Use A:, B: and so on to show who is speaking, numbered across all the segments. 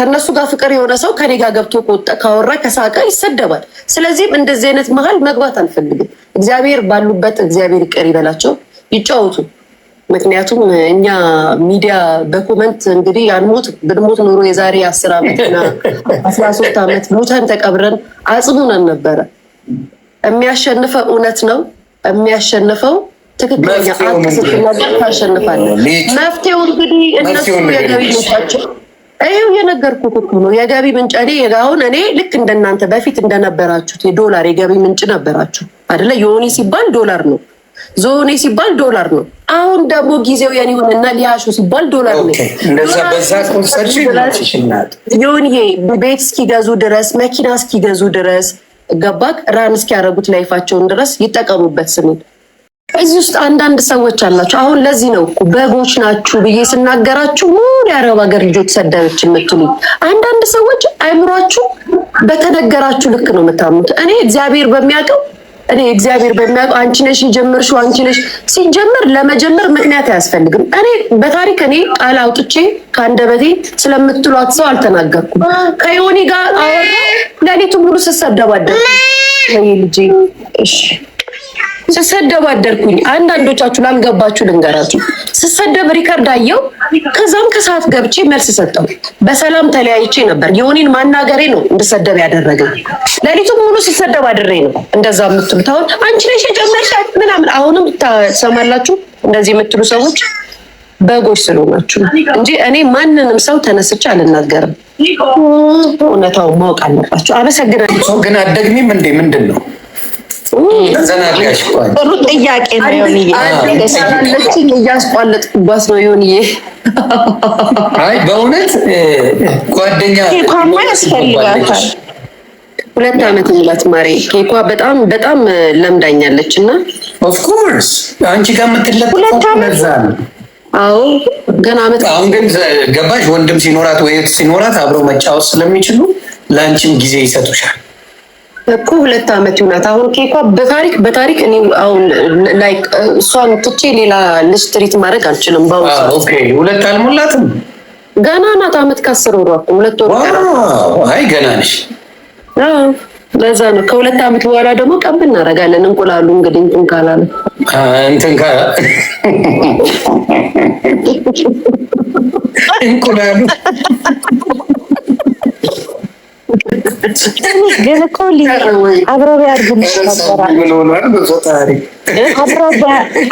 A: ከነሱ ጋር ፍቅር የሆነ ሰው ከኔ ጋር ገብቶ ካወራ ከሳቀ ይሰደባል። ስለዚህም እንደዚህ አይነት መሀል መግባት አልፈልግም። እግዚአብሔር ባሉበት እግዚአብሔር ይቅር ይበላቸው፣ ይጫወቱ። ምክንያቱም እኛ ሚዲያ በኮመንት እንግዲህ አንሞት ብንሞት ኖሮ የዛሬ አስር ዓመትና አስራ ሶስት ዓመት ሞተን ተቀብረን አጽሙን ነበረ። የሚያሸንፈው እውነት ነው የሚያሸንፈው ትክክለኛ አቅ ስትናገር ታሸንፋለን። መፍትሄው እንግዲህ እነሱ የገቢ ሞታቸው ይኸው የነገርኩህ እኮ ነው። የገቢ ምንጭ እኔ አሁን እኔ ልክ እንደናንተ በፊት እንደነበራችሁት የዶላር የገቢ ምንጭ ነበራችሁ አደለ? የሆኒ ሲባል ዶላር ነው፣ ዞኔ ሲባል ዶላር ነው። አሁን ደግሞ ጊዜው የኔ ሆነና ሊያሹ ሲባል ዶላር ነው። ቤት እስኪገዙ ድረስ መኪና እስኪገዙ ድረስ ገባክ ራን እስኪያደረጉት ላይፋቸውን ድረስ ይጠቀሙበት ስሜን እዚህ ውስጥ አንዳንድ ሰዎች አላችሁ። አሁን ለዚህ ነው እኮ በጎች ናችሁ ብዬ ስናገራችሁ ሙሉ የአረብ ሀገር ልጆች ሰዳዮች የምትሉ አንዳንድ ሰዎች አይምሯችሁ በተነገራችሁ ልክ ነው የምታምኑት። እኔ እግዚአብሔር በሚያውቀው እኔ እግዚአብሔር በሚያውቀው አንቺ ነሽ የጀመርሽው አንቺ ነሽ ሲጀመር፣ ለመጀመር ምክንያት አያስፈልግም። እኔ በታሪክ እኔ ቃል አውጥቼ ከአንደበቴ ስለምትሏት ሰው አልተናገርኩም። ከዮኒ ጋር አወራ ሌሊቱን ሙሉ ስሰደባደ ልጄ እሺ ስሰደብ አደርኩኝ። አንዳንዶቻችሁ ላልገባችሁ ልንገራችሁ። ስሰደብ ሪከርድ አየው። ከዛም ከሰዓት ገብቼ መልስ ሰጠው። በሰላም ተለያይቼ ነበር። የሆኔን ማናገሬ ነው እንድሰደብ ያደረገ። ሌሊቱ ሙሉ ስሰደብ አድሬ ነው እንደዛ አሁን አንቺ ነሽ የጨመርሽ ምናምን። አሁንም ታሰማላችሁ እንደዚህ የምትሉ ሰዎች በጎች ስለሆናችሁ እንጂ እኔ ማንንም ሰው ተነስቼ አልናገርም። እውነታው ማወቅ አለባችሁ። አመሰግናለሁ።
B: ግን አደግሚም እንዴ ምንድን ነው
A: ጥሩ ጥያቄ ነው እያስቋለጥኩባት ነው
B: አይ በእውነት ጓደኛ
A: ኬኳማ ያስፈልጋታል። ሁለት ዓመት ሙላት ማሬ ኬኳ በጣም በጣም ለምዳኛለች እና
B: ኦፍኮርስ አንቺ ጋር
A: አዎ ገና
B: አሁን ግን ገባሽ ወንድም ሲኖራት ወይ ሲኖራት አብረው መጫወት ስለሚችሉ ለአንቺም ጊዜ ይሰጡሻል።
A: እኮ ሁለት አመት ይሆናት አሁን። ኬኳ በታሪክ በታሪክ እኔ አሁን ላይክ እሷን ትቼ ሌላ ልጅ ትሪት ማድረግ አልችልም። በአሁኑ
B: ሁለት አልሞላትም
A: ገና ናት። አመት ከአስር ወሯ ሁለት
B: ወር። አይ ገና ነሽ።
A: ለዛ ነው ከሁለት አመት በኋላ ደግሞ ቀብ እናደርጋለን። እንቁላሉ እንግዲህ እንትን ካላለ
B: እንትን ካላ እንቁላሉ
A: ግን እኮ አብረው ቢያድጉልሽ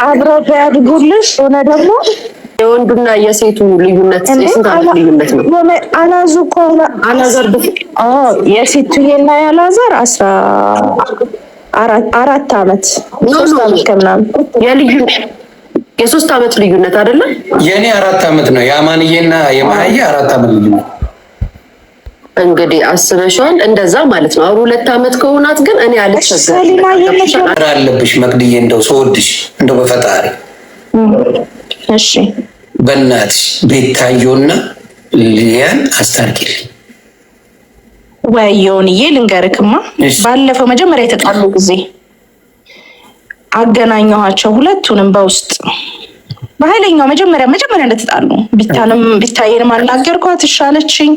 A: አብረው ቢያድጉልሽ ሆነ ደግሞ የወንዱና የሴቱ ልዩነት ልዩነት ነው? አላዙ ከሆነ አላዘር የሴቱ ይሄና አስራ አራት ከምናምን የሶስት አመት ልዩነት አይደለም።
B: የእኔ አራት አመት ነው። የአማንዬና የማየ አራት አመት ልዩነት
A: እንግዲህ አስበሽዋል። እንደዛ ማለት ነው። አሁን ሁለት ዓመት ከሆናት ግን እኔ አልቸገር
B: አለብሽ መቅድዬ፣ እንደው ሰወድሽ እንደው በፈጣሪ እሺ፣ በእናትሽ ታየውና ሊያን አስታርቂልኝ።
A: ወየውንዬ ልንገርክማ፣ ባለፈው መጀመሪያ የተጣሉ ጊዜ አገናኘኋቸው ሁለቱንም በውስጥ በኃይለኛው መጀመሪያ መጀመሪያ እንደተጣሉ ቢታንም ቢታየንም አናገርኳት፣ ይሻለችኝ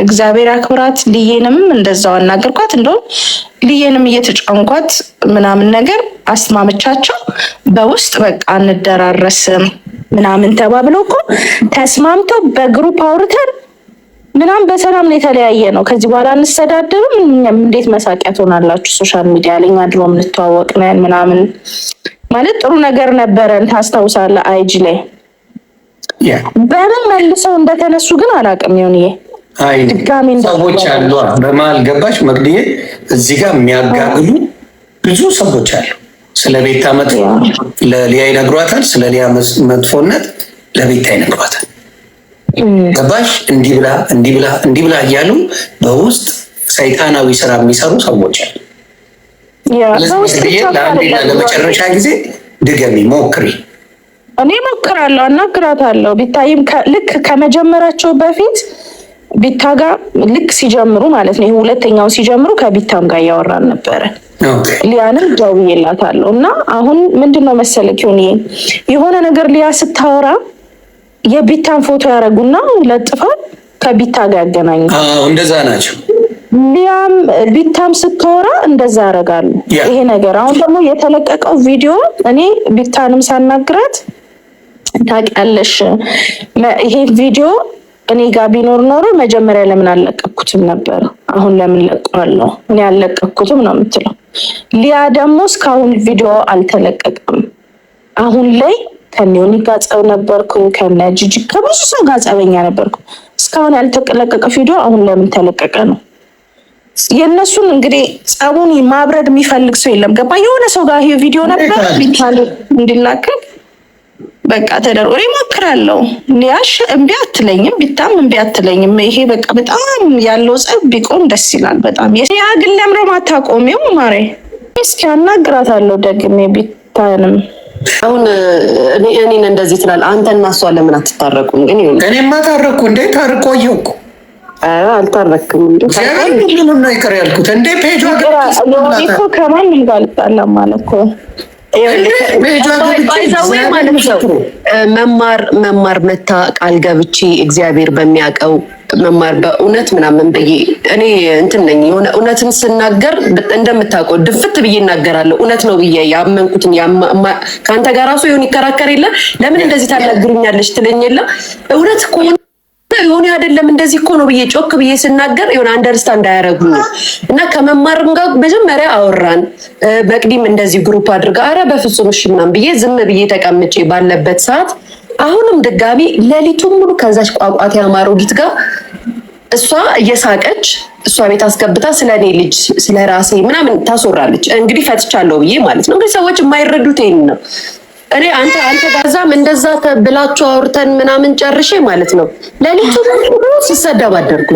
A: እግዚአብሔር አክብራት። ልዬንም እንደዛው አናገርኳት። እንደውም ልዬንም እየተጫንኳት ምናምን ነገር አስማምቻቸው በውስጥ በቃ እንደራረስም ምናምን ተባብሎ እኮ ተስማምተው በግሩፕ አውርተን ምናምን በሰላም ነው የተለያየ ነው። ከዚህ በኋላ አንሰዳደብም። እንዴት መሳቂያ ትሆናላችሁ? ሶሻል ሚዲያ ላይ አድሮ የምንተዋወቅ ነን ምናምን ማለት ጥሩ ነገር ነበረን። ታስታውሳለህ? አይጂ ላይ በምን መልሰው እንደተነሱ ግን አላውቅም ይሁን
B: ሰዎች አሉ። በመሀል ገባሽ መቅድዬ። እዚህ ጋር የሚያጋግሉ ብዙ ሰዎች አሉ። ስለ ቤታ መጥፎ ለሊያ ይነግሯታል። ስለ ሊያ መጥፎነት ለቤታ ይነግሯታል። ገባሽ? እንዲህ ብላ እንዲህ ብላ እንዲህ ብላ እያሉ በውስጥ ሰይጣናዊ ስራ የሚሰሩ ሰዎች አሉ። ለአንዴና ለመጨረሻ ጊዜ ድገሚ፣ ሞክሪ።
A: እኔ ሞክራለሁ፣ አናግራታለሁ። ቢታይም ልክ ከመጀመራቸው በፊት ቢታ ጋር ልክ ሲጀምሩ ማለት ነው። ይሄ ሁለተኛውን ሲጀምሩ ከቢታም ጋር እያወራን ነበረ። ሊያንም ደውዬላታለሁ እና አሁን ምንድን ነው መሰለክ ሆኔ የሆነ ነገር ሊያ ስታወራ የቢታን ፎቶ ያደረጉና ለጥፋል ከቢታ ጋር ያገናኙ
B: እንደዛ ናቸው።
A: ሊያም ቢታም ስታወራ እንደዛ ያደርጋሉ። ይሄ ነገር አሁን ደግሞ የተለቀቀው ቪዲዮ እኔ ቢታንም ሳናግራት ታውቂያለሽ ይሄ ቪዲዮ እኔ ጋር ቢኖር ኖሮ መጀመሪያ ለምን አልለቀኩትም ነበር አሁን ለምን ለቀዋለሁ? እኔ አልለቀኩትም ነው የምትለው። ሊያ ደግሞ እስካሁን ቪዲዮ አልተለቀቀም። አሁን ላይ ከኒዮኒ ጋር ጸብ ነበርኩ፣ ከነ ከብዙ ሰው ጋር ጸበኛ ነበርኩ። እስካሁን ያልተለቀቀ ቪዲዮ አሁን ለምን ተለቀቀ ነው የእነሱን እንግዲህ ጸቡን ማብረድ የሚፈልግ ሰው የለም። ገባ የሆነ ሰው ጋር ይሄ ቪዲዮ ነበር እንዲላከል በቃ ተደርጎ እሞክራለሁ። ሊያሽ እምቢ አትለኝም፣ ቢታም እምቢ አትለኝም። ይሄ በቃ በጣም ያለው ጸብ ቢቆም ደስ ይላል። በጣም ያ ግን ለምሮ ማታቆሚው ማሬ፣ እስኪ አናግራታለሁ ደግሜ ቢታንም አሁን እኔ እኔን እንደዚህ ትላል። አንተ እና እሷ ለምን አትታረቁም? ግን
B: እኔ ማታረቁ እንዴ ታርቆ እኮ
A: አልታረክም።
B: እንዴ ምንም ነው ይቅር ያልኩት እንዴ ፔጅ
A: እኮ ከማንም ጋር አልጣላም ማለት ነው መማር መማር መታ ቃል ገብቼ እግዚአብሔር በሚያውቀው መማር በእውነት ምናምን ብዬ እኔ እንትን ነኝ። የሆነ እውነትን ስናገር እንደምታውቀው ድፍት ብዬ እናገራለሁ። እውነት ነው ብዬ ያመንኩትን ከአንተ ጋር ራሱ የሆን ይከራከር የለ ለምን እንደዚህ ታናግሩኛለች ትለኝ የለ እውነት ከሆነ የሆነ አይደለም እንደዚህ እኮ ነው ብዬ ጮክ ብዬ ስናገር የሆነ አንደርስታንድ አያደረጉ እና ከመማርም ጋር መጀመሪያ አወራን። በቅዲም እንደዚህ ግሩፕ አድርጋ አረ በፍጹም እሺ ብዬ ዝም ብዬ ተቀምጬ ባለበት ሰዓት አሁንም ድጋሚ ሌሊቱን ሙሉ ከዛች ቋቋት ጊት ጋር እሷ እየሳቀች እሷ ቤት አስገብታ ስለ እኔ ልጅ ስለ ራሴ ምናምን ታስወራለች። እንግዲህ ፈትቻለሁ ብዬ ማለት ነው። እንግዲህ ሰዎች የማይረዱት ይሄን ነው። እኔ አንተ አንተ ጋዛም እንደዛ ብላችሁ አውርተን ምናምን ጨርሼ ማለት ነው ለሊቱ ሙሉ ሲሰደብ አደርኩ።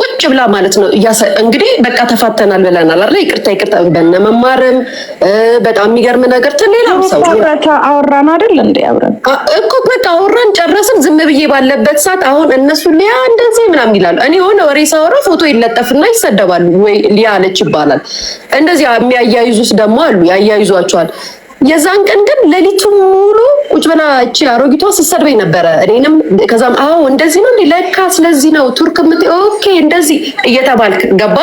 A: ቁጭ ብላ ማለት ነው እንግዲህ በቃ ተፋተናል ብለናል አይደል? ይቅርታ ይቅርታ በነ መማርም በጣም የሚገርም ነገር ትሌላም ሰው አወራን አይደል እንዴ? አብረን እኮ በቃ አወራን ጨረስን። ዝም ብዬ ባለበት ሰዓት አሁን እነሱ ሊያ እንደዚህ ምናምን ይላሉ። እኔ የሆነ ወሬ ሳወራ ፎቶ ይለጠፍና ይሰደባሉ። ወይ ሊያ አለች ይባላል። እንደዚህ የሚያያይዙስ ደግሞ አሉ፣ ያያይዟቸዋል የዛን ቀን ግን ሌሊቱ ሙሉ ቁጭ ብላ እቺ አሮጊቷ ስትሰድበኝ ነበረ። እኔንም ከዛም አዎ እንደዚህ ነው ለካ ስለዚህ ነው ቱርክ ምት ኦኬ እንደዚህ እየተባልክ ገባ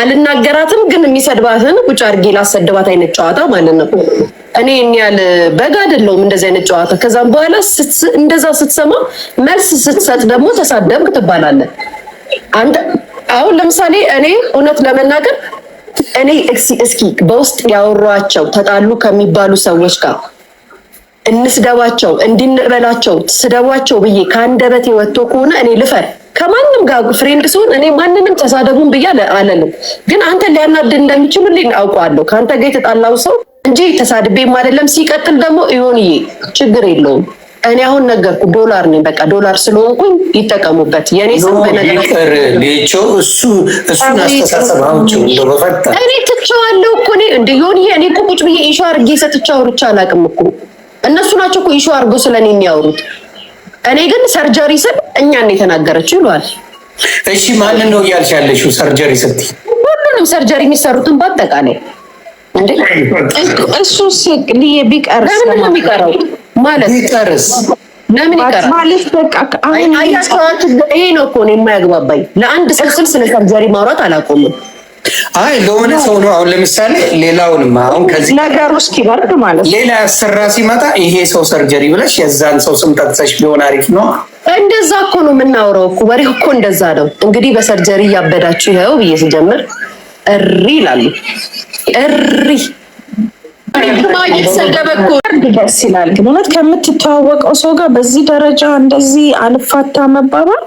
A: አልናገራትም፣ ግን የሚሰድባትን ቁጭ አድርጌ ላሰድባት አይነት ጨዋታ ማለት ነው። እኔ እኔ ያል በግ አይደለሁም እንደዚህ አይነት ጨዋታ። ከዛም በኋላ እንደዛ ስትሰማ መልስ ስትሰጥ ደግሞ ተሳደብክ ትባላለህ አንተ። አሁን ለምሳሌ እኔ እውነት ለመናገር እኔ እስኪ በውስጥ ያወሯቸው ተጣሉ ከሚባሉ ሰዎች ጋር እንስደባቸው እንዲንበላቸው ስደቧቸው ብዬ ከአንደበቴ ወጥቶ ከሆነ እኔ ልፈር ከማንም ጋር ፍሬንድ ሲሆን እኔ ማንንም ተሳደቡን ብዬ አለንም። ግን አንተ ሊያናድድ እንደሚችሉልኝ አውቀዋለሁ። ከአንተ ጋር የተጣላው ሰው እንጂ ተሳድቤም አይደለም። ሲቀጥል ደግሞ ይሆንዬ ችግር የለውም። እኔ አሁን ነገርኩ፣ ዶላር ነኝ። በቃ ዶላር ስለሆንኩኝ ይጠቀሙበት። የኔ ስም
B: በነገር ሌቾ እሱ እሱን
A: አስተሳሰብ አውጭ እንደው በፈጣ እኔ ትቼዋለሁ እኮ እኔ እንደ ዮኒ እኔ እኮ ቁጭ ብዬ ኢሹ አድርጌ ሰጥቼ አውርቼ አላውቅም እኮ። እነሱ ናቸው እኮ ኢሹ አድርጎ ስለኔ የሚያወሩት። እኔ ግን ሰርጀሪ ስል እኛን ነው የተናገረችው ይሏል።
B: እሺ ማንን ነው እያልሽ ያለሽው? ሰርጀሪ ስትይ
A: ሁሉንም ሰርጀሪ የሚሰሩትን በአጠቃላይ እንዴ እሱ እሱስ ቢቀር ለምን ነው የሚቀረው? ማለት ቢቀርስ ለምን ይቀራል? በቃ አሁን አያስተዋት ይሄ ነው እኮ ነው የማያግባባኝ። ለአንድ ሰው ስል ስለ ሰርጀሪ ማውራት አላቆምም።
B: አይ ለሆነ ሰው ነው። አሁን ለምሳሌ ሌላውንም አሁን ከዚህ
A: ነገር ውስጥ ይበርድ ማለት ሌላ
B: ያሰራ ሲመጣ ይሄ ሰው ሰርጀሪ ብለሽ የዛን ሰው ስም ጠቅሰሽ ቢሆን አሪፍ ነው።
A: እንደዛ እኮ ነው የምናወራው እኮ ወሬ እኮ እንደዛ ነው። እንግዲህ በሰርጀሪ እያበዳችሁ ይኸው ብዬ ስጀምር እሪ ይላሉ እሪ ደስ ይላል ግን እውነት ከምትተዋወቀው ሰው ጋር በዚህ ደረጃ እንደዚህ አልፋታ መባባል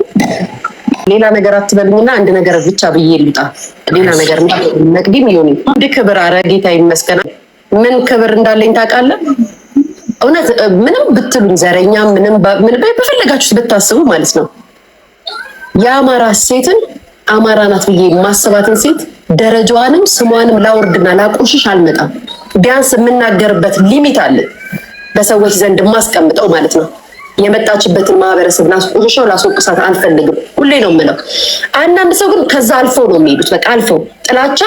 A: ሌላ ነገር አትበልኝና አንድ ነገር ብቻ ብዬ ልውጣ። ሌላ ነገር መቅዲም ይሁን አንድ ክብር፣ አረ ጌታ ይመስገን። ምን ክብር እንዳለኝ ታውቃለህ? እውነት ምንም ብትሉኝ ዘረኛ፣ ምንም በፈለጋችሁት ብታስቡ ማለት ነው የአማራ ሴትን አማራ ናት ብዬ ማሰባትን ሴት ደረጃዋንም ስሟንም ላውርድና ላቆሽሽ አልመጣም። ቢያንስ የምናገርበት ሊሚት አለ፣ በሰዎች ዘንድ የማስቀምጠው ማለት ነው። የመጣችበትን ማህበረሰብ ላስቆሽሸው ላስወቅሳት አልፈልግም። ሁሌ ነው የምለው። አንዳንድ ሰው ግን ከዛ አልፈው ነው የሚሄዱት። በቃ አልፈው ጥላቻ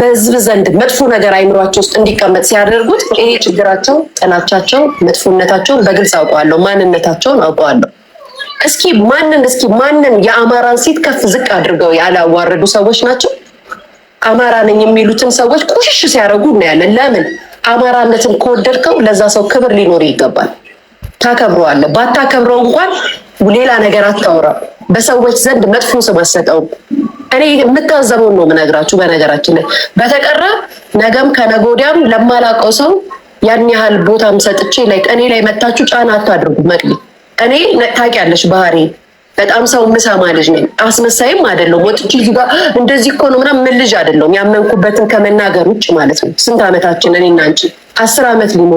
A: በህዝብ ዘንድ መጥፎ ነገር አይምሯቸው ውስጥ እንዲቀመጥ ሲያደርጉት ይሄ ችግራቸው፣ ጥላቻቸው፣ መጥፎነታቸውን በግልጽ አውቀዋለሁ። ማንነታቸውን አውቀዋለሁ። እስኪ ማንን እስኪ ማንን የአማራን ሴት ከፍ ዝቅ አድርገው ያላዋረዱ ሰዎች ናቸው? አማራ ነኝ የሚሉትን ሰዎች ቁሽሽ ሲያደርጉ እናያለን። ለምን? አማራነትን ከወደድከው ለዛ ሰው ክብር ሊኖር ይገባል። ታከብረዋለህ። ባታከብረው እንኳን ሌላ ነገር አታውራ። በሰዎች ዘንድ መጥፎ ስም እኔ የምታዘበውን ነው የምነግራችሁ። በነገራችን ላይ በተቀረ ነገም ከነገ ወዲያም ለማላውቀው ሰው ያን ያህል ቦታም ሰጥቼ ላይ እኔ ላይ መታችሁ ጫና አታድርጉ መቅዲ እኔ ታውቂያለሽ ባህሪ በጣም ሰው ምሰማ ልጅ ነኝ። አስመሳይም አይደለሁም። ወጥቼ እዚህ ጋር እንደዚህ እኮ ነው ምናምን ምን ልጅ አይደለሁም። ያመንኩበትን ከመናገር ውጭ ማለት ነው። ስንት ዓመታችን እኔ እና አንቺ አስር ዓመት ነው።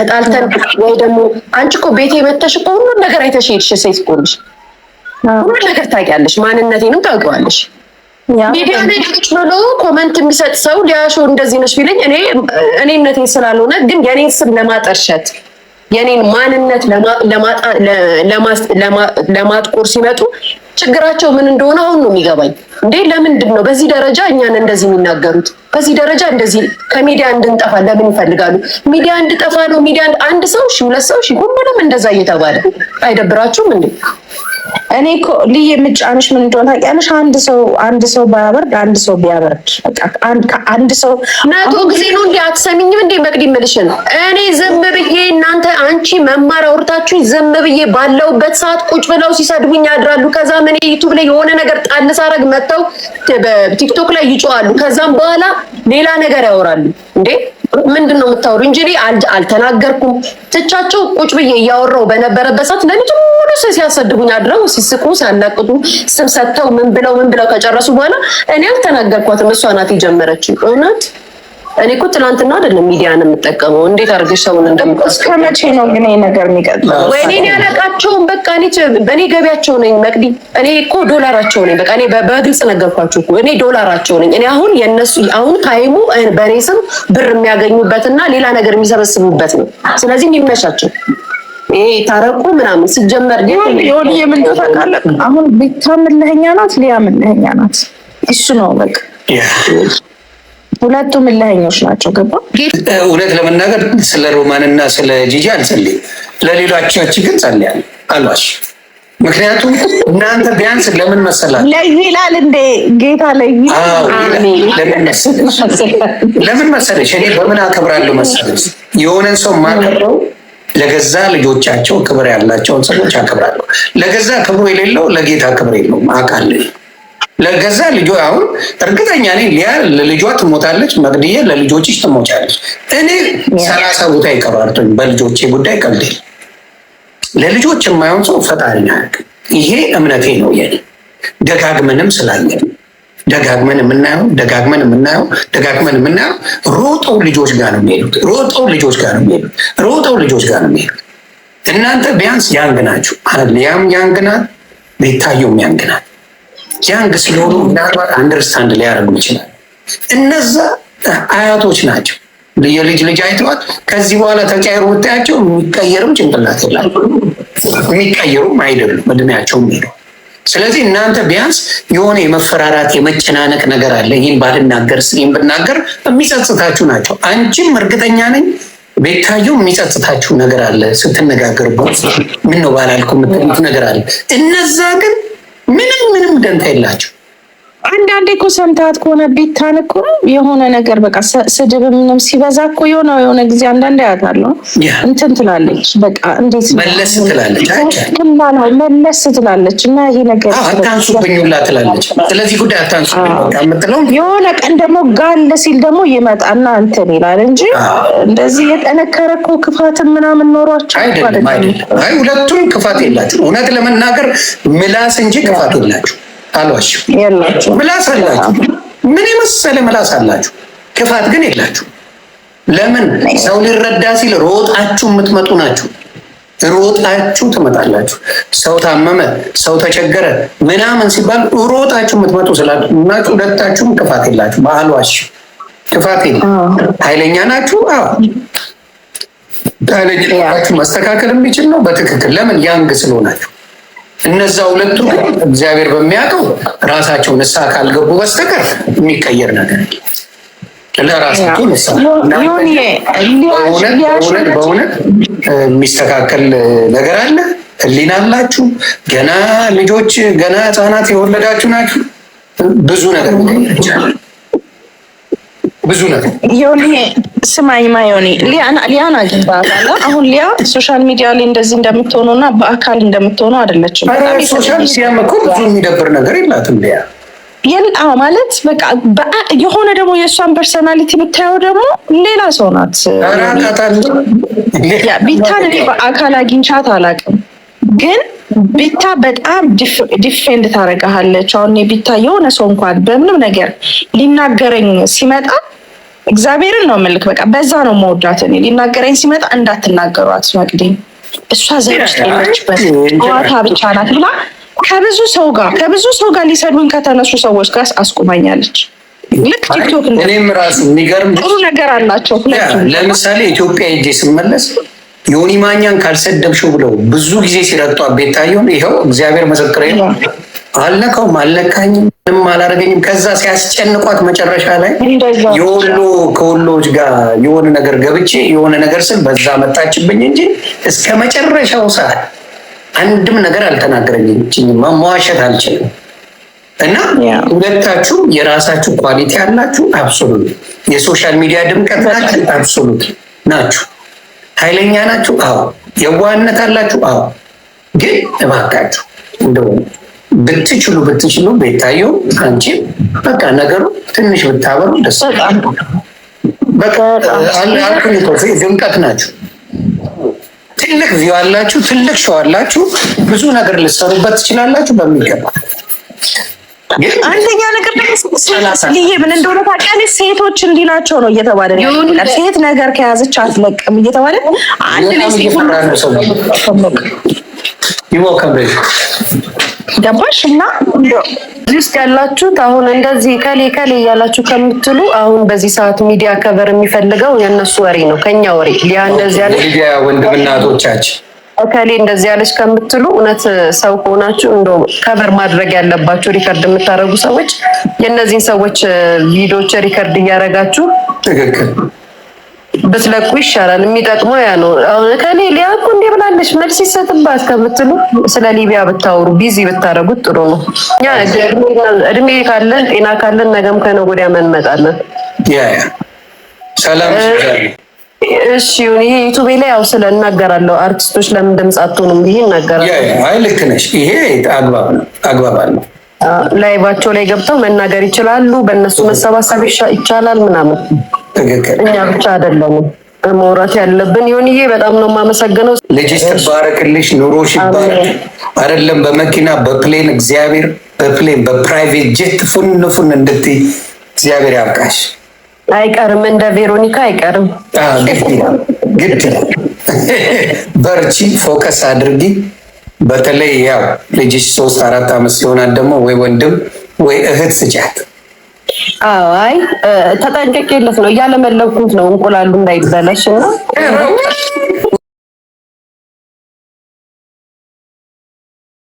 A: ተጣልተን ወይ ደግሞ አንቺ እኮ ቤቴ የመተሽ እኮ ሁሉን ነገር አይተሽ ሄድሽ ሴት እኮ ነሽ። ሁሉን ነገር ታውቂያለሽ፣ ማንነቴንም ታውቂዋለሽ። ሚዲያ ላይ ቁጭ ብሎ ኮመንት የሚሰጥ ሰው ሊያሾ እንደዚህ ነሽ ቢለኝ እኔ እኔነቴ ስላልሆነ ግን የኔን ስም ለማጠርሸት የኔን ማንነት ለማጥቆር ሲመጡ ችግራቸው ምን እንደሆነ አሁን ነው የሚገባኝ። እንዴ ለምንድን ነው በዚህ ደረጃ እኛን እንደዚህ የሚናገሩት? በዚህ ደረጃ እንደዚህ ከሚዲያ እንድንጠፋ ለምን ይፈልጋሉ? ሚዲያ እንድጠፋ ነው ሚዲያ አንድ ሰው ሺ ሁለት ሰው ሺ ሁሉንም እንደዛ እየተባለ አይደብራችሁም እንዴ? እኔ እኮ ልዩ የምጫንሽ ምን እንደሆነ ታውቂያለሽ? አንድ ሰው አንድ ሰው ባያበርድ አንድ ሰው ቢያበርድ አንድ ሰው መቶ ጊዜ ነው እንዲ አትሰሚኝም እንዴ? መቅድ ምልሽ ነው እኔ ዝም ብዬ እናንተ አንቺ መማር አውርታችሁ ዝም ብዬ ባለውበት ሰዓት ቁጭ ብለው ሲሰድቡኝ ያድራሉ። ከዛም እኔ ዩቱብ ላይ የሆነ ነገር ጣል ሳረግ መጥተው በቲክቶክ ላይ ይጮዋሉ። ከዛም በኋላ ሌላ ነገር ያወራሉ። እንዴ ምንድን ነው የምታወሩ? እንጂ አልተናገርኩም። ትቻቸው ቁጭ ብዬ እያወራው በነበረበት ሰዓት ለልጅ ሙሉ ሲያሰድቡኝ አድረው ሲስቁ ሲያናቅጡ ስም ሰጥተው ምን ብለው ምን ብለው ከጨረሱ በኋላ እኔ አልተናገርኳትም። እሷ ናት የጀመረችው እውነት እኔ እኮ ትናንትና አይደለም ሚዲያን የምጠቀመው። እንዴት አድርገሽ ሰውን እንደምታስቀ ከመቼ ነው ግን ይሄ ነገር የሚቀጥለው? ወይ እኔ ያላቃቸውም በቃ እኔ ገቢያቸው ነኝ መቅዲ። እኔ እኮ ዶላራቸው ነኝ። በቃ እኔ በግልጽ ነገርኳችሁ እኮ እኔ ዶላራቸው ነኝ። እኔ አሁን የነሱ አሁን ታይሙ በእኔ ስም ብር የሚያገኙበትና ሌላ ነገር የሚሰበስቡበት ነው። ስለዚህ የሚመቻቸው ይሄ ታረቁ ምናምን ስጀመር ግን ይሁን የምን ታውቃለህ። አሁን ቤታም ናት፣ ሊያም ናት። እሱ ነው በቃ ሁለቱም እልኸኞች ናቸው። ገባ።
B: እውነት ለመናገር ስለ ሮማን ሮማንና ስለ ጂጂ አልጸልይም፣ ለሌሎቻችን ግን ጸልያል አሏሽ። ምክንያቱም እናንተ ቢያንስ ለምን መሰላችሁ
A: ለዚህ ይላል እንዴ ጌታ ለዚህ
B: ለምን መሰለሽ፣ እኔ በምን አከብራለሁ መሰለሽ፣ የሆነን ሰው ማከብረው ለገዛ ልጆቻቸው ክብር ያላቸውን ሰዎች አከብራለሁ። ለገዛ ክብሩ የሌለው ለጌታ ክብር የለውም አውቃለሁ። ለገዛ ልጆ አሁን እርግጠኛ ነኝ ሊያ ለልጇ ትሞታለች፣ መቅድዬ ለልጆችሽ ትሞቻለች። እኔ ሰላሳ ቦታ ይቀባርቶኝ በልጆቼ ጉዳይ ቀልዴል ለልጆች የማይሆን ሰው ፈጣሪ ናያቅ። ይሄ እምነቴ ነው የ ደጋግመንም ስላየን ደጋግመን የምናየው ደጋግመን የምናየው ደጋግመን የምናየው ሮጠው ልጆች ጋር ነው የሚሄዱት። ሮጠው ልጆች ጋር ነው የሚሄዱት። ሮጠው ልጆች ጋር ነው የሚሄዱት። እናንተ ቢያንስ ያንግ ናችሁ። ሊያም ያንግ ቤታየውም ያንግ ያንግ ስለሆኑ ምናልባት አንደርስታንድ ሊያደርጉ ይችላል። እነዛ አያቶች ናቸው። የልጅ ልጅ አይተዋት ከዚህ በኋላ ተቀያይሩ ብታያቸው የሚቀየርም ጭንቅላት የላል የሚቀየሩም አይደሉም እድሜያቸውም ሄደ። ስለዚህ እናንተ ቢያንስ የሆነ የመፈራራት የመጨናነቅ ነገር አለ። ይህን ባልናገር ስም ብናገር የሚጸጽታችሁ ናቸው። አንቺም እርግጠኛ ነኝ ቤታዩ የሚጸጽታችሁ ነገር አለ ስትነጋገሩበት፣ ምን ነው ባላልኩ የምትሉት ነገር አለ። እነዛ ግን ምንም ምንም ደንታ የላቸው።
A: አንዳንዴ እኮ ሰምታት ከሆነ ቤታን እኮ የሆነ ነገር በቃ ስድብ ምንም ሲበዛ እኮ የሆነ የሆነ ጊዜ አንዳንዴ አያታለሁ እንትን ትላለች፣ በቃ
B: እንዴት መለስ ትላለች፣
A: መለስ ትላለች። እና ይሄ ነገር
B: አታንሱብኝ ሁላ ትላለች። ስለዚህ ጉዳይ የምትለው
A: የሆነ ቀን ደግሞ ጋለ ሲል ደግሞ ይመጣና እንትን ይላል እንጂ እንደዚህ የጠነከረ እኮ ክፋትን ምናምን ኖሯቸው
B: አይደለም። ሁለቱም ክፋት የላቸው እውነት ለመናገር ምላስ እንጂ ክፋት የላቸው አሏችሁ ምላስ አላችሁ። ምን የመሰለ ምላስ አላችሁ፣ ክፋት ግን የላችሁ። ለምን ሰው ሊረዳ ሲል ሮጣችሁ የምትመጡ ናችሁ። ሮጣችሁ ትመጣላችሁ። ሰው ታመመ፣ ሰው ተቸገረ ምናምን ሲባል ሮጣችሁ የምትመጡ ስላናችሁ ሁለታችሁም ክፋት የላችሁ አሏችሁ። ክፋት የለ። ኃይለኛ ናችሁ። አዎ ኃይለኛ ናችሁ። መስተካከል የሚችል ነው በትክክል ለምን ያንግ ስለሆናችሁ እነዛ ሁለቱ ግን እግዚአብሔር በሚያውቀው ራሳቸው ንስሐ ካልገቡ በስተቀር የሚቀየር ነገር ለራሳቸው ንስሐ በእውነት የሚስተካከል ነገር አለ። ህሊና አላችሁ። ገና ልጆች ገና ህፃናት የወለዳችሁ ናችሁ። ብዙ ነገር
A: ይቻላል። ብዙ ነገር ዮኒ ስማኝማ ዮኒ ሊያና አግኝተሃታል? አሁን ሊያ ሶሻል ሚዲያ ላይ እንደዚህ እንደምትሆኑ እና በአካል እንደምትሆኑ አይደለችም።
B: ሶሻል ሚዲያ እኮ ብዙ የሚደብር ነገር የላትም ሊያ
A: የልጣ ማለት በቃ የሆነ ደግሞ የእሷን ፐርሰናሊቲ ብታየው ደግሞ ሌላ ሰው ናት። ቢታን በአካል አግኝቻት አላውቅም። ግን ቤታ በጣም ዲፌንድ ታደርግሃለች። አሁን ቤታ የሆነ ሰው እንኳን በምንም ነገር ሊናገረኝ ሲመጣ እግዚአብሔርን ነው ምልክ በቃ በዛ ነው መወዳት። እኔ ሊናገረኝ ሲመጣ እንዳትናገሯት መቅደኝ እሷ ዘች ያለችበት ዋታ ብቻ ናት ብላ ከብዙ ሰው ጋር ከብዙ ሰው ጋር ሊሰዱኝ ከተነሱ ሰዎች ጋር አስቁማኛለች። ልክ ቲክቶክ
B: እኔም ራስ የሚገርም
A: ጥሩ ነገር አላቸው።
B: ሁለቱ ለምሳሌ ኢትዮጵያ ሄጄ ስመለስ ዮኒ ማኛን ካልሰደብሽው ብለው ብዙ ጊዜ ሲረግጧ ቤታየውን ይኸው እግዚአብሔር መሰክረ አልነካውም፣ አልነካኝም፣ ምንም አላረገኝም። ከዛ ሲያስጨንቋት መጨረሻ ላይ የወሎ ከወሎች ጋር የሆነ ነገር ገብቼ የሆነ ነገር ስል በዛ መጣችብኝ እንጂ እስከ መጨረሻው ሰዓት አንድም ነገር አልተናገረኝችኝ። መዋሸት አልችልም። እና ሁለታችሁ የራሳችሁ ኳሊቲ አላችሁ። አብሶሉት የሶሻል ሚዲያ ድምቀት ናችሁ። አብሶሉት ናችሁ። ኃይለኛ ናችሁ? አዎ። የዋህነት አላችሁ? አዎ። ግን እባካችሁ እንደው ብትችሉ ብትችሉ ቤታዩ አንቺ በቃ ነገሩ ትንሽ ብታበሩ ደስ ድምቀት ናችሁ። ትልቅ ቪው አላችሁ፣ ትልቅ ሸው አላችሁ፣ ብዙ ነገር ልሰሩበት ትችላላችሁ በሚገባ
A: አንደኛ ነገር ደግሞ ምን እንደሆነ ታውቂያለሽ? ሴቶች እንዲህ ነው እየተባለ ሴት ነገር ከያዘች አትለቅም እየተባለ ገባሽ እና እዚህ ውስጥ ያላችሁት አሁን እንደዚህ ከሌ ከሌ እያላችሁ ከምትሉ አሁን በዚህ ሰዓት ሚዲያ ከበር የሚፈልገው የእነሱ ወሬ ነው ከኛ ወሬ ሊያ እንደዚህ ያለ
B: ወንድምና እህቶቻችን
A: እከሌ እንደዚህ ያለች ከምትሉ እውነት ሰው ከሆናችሁ እንደው ከበር ማድረግ ያለባችሁ ሪከርድ የምታደረጉ ሰዎች የእነዚህን ሰዎች ቪዲዮች ሪከርድ እያደረጋችሁ ትክክል ብትለቁ ይሻላል። የሚጠቅመው ያ ነው። ከኔ ሊያ እኮ እንዲህ ብላለች መልስ ይሰጥባት ከምትሉ ስለ ሊቢያ ብታወሩ ቢዚ ብታደረጉት ጥሩ ነው። እድሜ ካለን ጤና ካለን ነገም ከነገ ወዲያ መንመጣለን። ሰላም እሺ ይሄ ዩቱቤ ላይ ያው ስለ እናገራለሁ አርቲስቶች ለምን ድምፅ አትሆኑም ብዬ እናገራለሁ።
B: አይ ልክ ነሽ፣ ይሄ አግባብ አለው።
A: ላይቫቸው ላይ ገብተው መናገር ይችላሉ። በእነሱ መሰባሰብ ይቻላል ምናምን። እኛ ብቻ አይደለም? መውራት ያለብን። ይሁንዬ በጣም ነው የማመሰግነው።
B: ልጅሽ ትባረክልሽ፣ ኑሮሽ ይባረክ። አይደለም በመኪና በፕሌን እግዚአብሔር በፕሌን በፕራይቬት ጀት ፉን ፉን እንድትይ እግዚአብሔር ያብቃሽ።
A: አይቀርም፣ እንደ ቬሮኒካ አይቀርም።
B: ግድ በርቺ፣ ፎከስ አድርጊ። በተለይ ያው ልጅሽ ሶስት አራት አመት ሲሆናት ደግሞ ወይ ወንድም ወይ እህት ስጫት።
A: አይ ተጠንቀቅ የለት ነው እያለመለኩት ነው እንቁላሉ እንዳይበላሽ ነው።